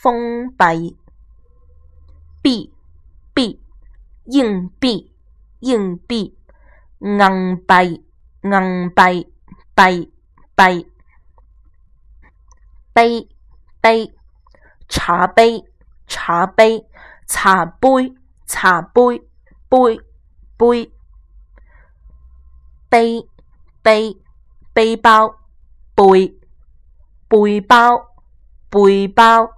封閉 b 幣，硬幣硬幣硬幣硬幣，幣幣，杯，杯茶杯茶杯茶杯茶杯，杯杯杯杯，背包背背包背包。背包背包背包背包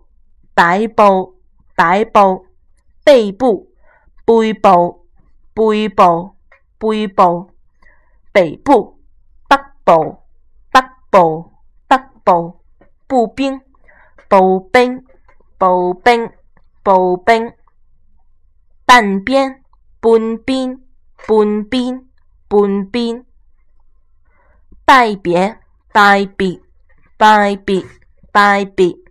擺布、擺布、背部、背部、背部、背部、北部、北部、北部、北部、步兵、步兵、步兵、步兵、半邊、半邊、半邊、半邊、拜別、拜別、拜別、拜別。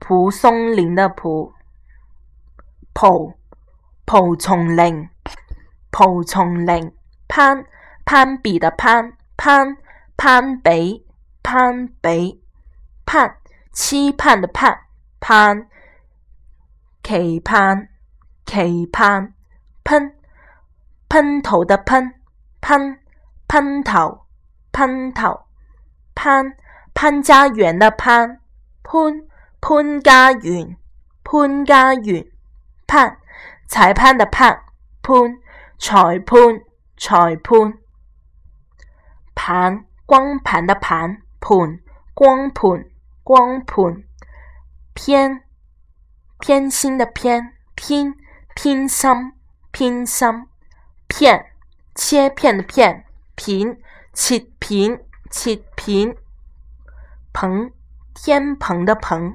蒲松齡的蒲蒲蒲松齡，蒲松齡。攀攀比的攀攀攀比，攀比。盼期盼的盼盼期盼期盼。噴噴頭的噴噴噴頭噴，噴，噴頭，噴頭。潘潘家園的潘，潘。潘家園，潘家園，判，裁判的判，判，裁判裁判，盤，盤光盤的盤，盤光盤光盤，光盤，偏偏心的偏，偏偏心，偏心。片切片的片，片切片切片，棚天棚的棚。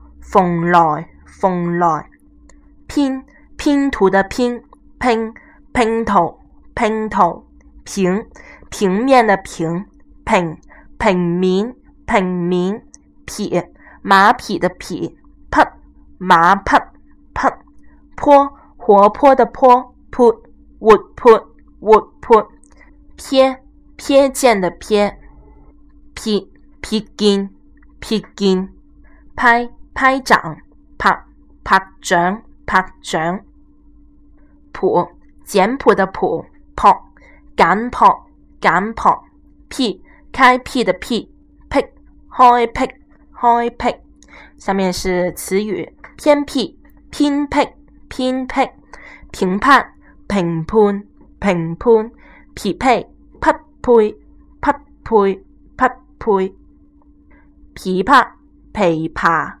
逢來逢來，拼拼圖的拼拼拼圖，拼圖，拼，圖拼圖，平平面的平平平面平面，匹馬匹的匹匹馬匹匹潑活潑的潑潑活潑活潑，瞥瞥見的瞥瞥瞥見瞥見，拍。潑拍掌、拍拍掌、拍掌；樸簡樸的樸樸簡樸、簡樸；辟開闢的辟辟開闢、開闢。下面是詞語：偏僻、偏僻、偏僻；評判、評判、評判；匹配、匹配、匹配、匹配；琵琶、琵琶。